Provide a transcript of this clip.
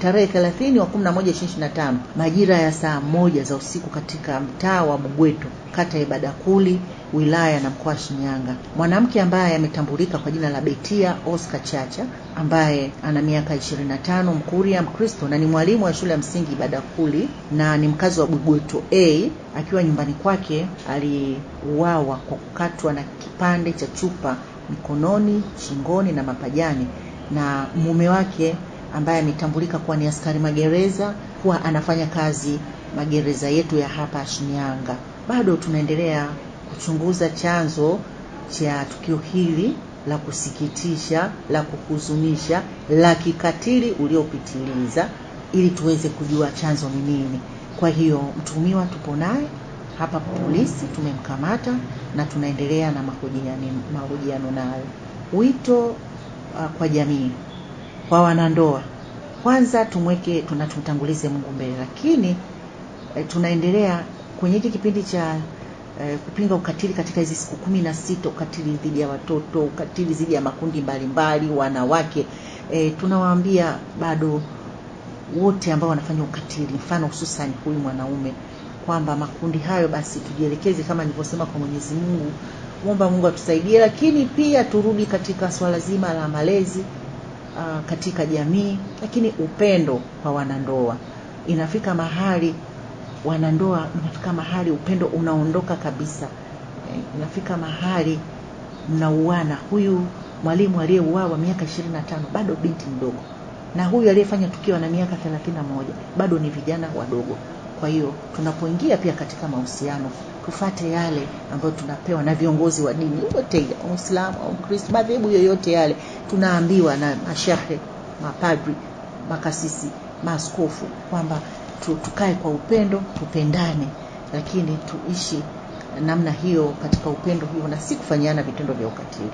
tarehe 30 wa 11 2025 majira ya saa moja za usiku katika mtaa wa Bugweto, kata ya Ibadakuli, wilaya na mkoa wa Shinyanga. Mwanamke ambaye ametambulika kwa jina la Betia Oscar Chacha ambaye ana miaka 25, Mkuria, Mkristo na ni mwalimu wa shule ya msingi Ibadakuli na ni mkazi wa Bugweto A, akiwa nyumbani kwake aliuawa kwa kukatwa na kipande cha chupa mkononi, shingoni na mapajani na mume wake ambaye ametambulika kuwa ni askari magereza, kuwa anafanya kazi magereza yetu ya hapa Shinyanga. Bado tunaendelea kuchunguza chanzo cha tukio hili la kusikitisha, la kuhuzunisha, la kikatili uliopitiliza, ili tuweze kujua chanzo ni nini. Kwa hiyo mtuhumiwa tupo naye hapa polisi, tumemkamata na tunaendelea na mahojiano nayo. Wito uh, kwa jamii kwa wanandoa, kwanza tumweke tuna tumtangulize Mungu mbele, lakini e, tunaendelea kwenye hiki kipindi cha e, kupinga ukatili katika hizi siku kumi na sita, ukatili dhidi ya watoto, ukatili dhidi ya makundi mbalimbali mbali, wanawake e, tunawaambia bado wote ambao wanafanya ukatili, mfano hususan huyu mwanaume kwamba makundi hayo basi tujielekeze kama nilivyosema kwa Mwenyezi Mungu, muomba Mungu atusaidie, lakini pia turudi katika swala zima la malezi uh, katika jamii, lakini upendo kwa wanandoa. Inafika mahali wanandoa, inafika mahali upendo unaondoka kabisa, eh, inafika mahali mnauana. Huyu mwalimu aliyeuawa miaka ishirini na tano bado binti mdogo, na huyu aliyefanya tukio ana miaka thelathini na moja bado ni vijana wadogo. Kwa hiyo tunapoingia pia katika mahusiano tufate yale ambayo tunapewa na viongozi wa dini wote ile, Uislamu au Kristo, madhehebu yoyote yale, tunaambiwa na mashehe, mapadri, makasisi, maaskofu kwamba tukae kwa upendo, tupendane, lakini tuishi namna hiyo katika upendo huo na si kufanyana vitendo vya ukatili.